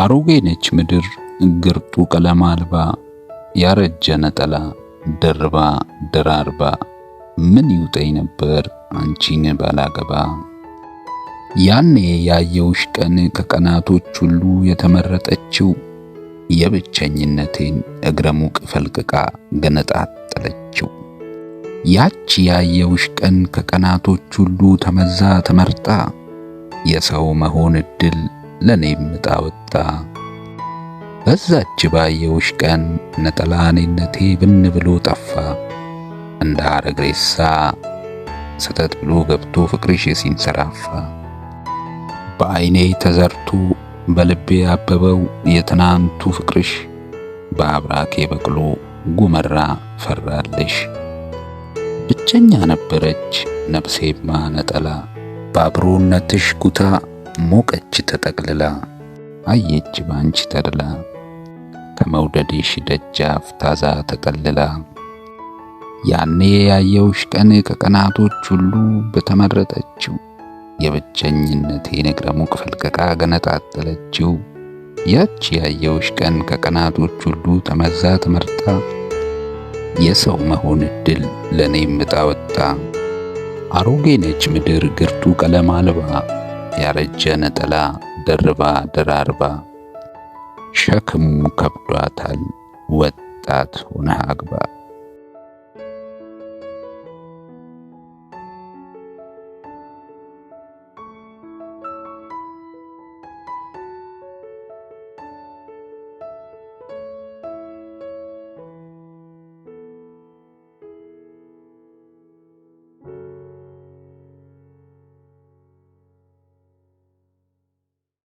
አሮጌ ነች ምድር ግርጡ ቀለም አልባ ያረጀ ነጠላ ደርባ ደራርባ ምን ይውጠኝ ነበር አንቺን ባላገባ። ያኔ ያየውሽ ቀን ከቀናቶች ሁሉ የተመረጠችው የብቸኝነቴን እግረ ሙቅ ፈልቅቃ ገነጣጠለችው። ያች ያየውሽ ቀን ከቀናቶች ሁሉ ተመዛ ተመርጣ የሰው መሆን እድል ለእኔም ዕጣ ወጣ። በዛች ባየውሽ ቀን ነጠላኔነቴ ብን ብሎ ጠፋ። እንደ ሐረግ ሬሳ ብሎ ገብቶ ፍቅርሽ ሲንሰራፋ በዐይኔ ተዘርቶ በልቤ ያበበው የትናንቱ ፍቅርሽ በአብራኬ በቅሎ ጉመራ ፈራለሽ። ብቸኛ ነበረች ነፍሴማ ነጠላ በአብሮነትሽ ኩታ ሞቀች ተጠቅልላ አየች ባንቺ ተድላ ከመውደድሽ ደጃፍ ታዛ ተጠልላ ያኔ ያየውሽ ቀን ከቀናቶች ሁሉ በተመረጠችው የብቸኝነት ነግረ ሙቅ ፈልቀቃ ገነጣጠለችው። ያች ያየውሽ ቀን ከቀናቶች ሁሉ ተመዛ ተመርጣ የሰው መሆን እድል ለእኔ ምጣ ወጣ አሮጌ ነች ምድር ግርቱ ቀለም አልባ ያረጀ ነጠላ ደርባ ደራርባ ሸክሙ ከብዷታል። ወጣት ሆነህ አግባ።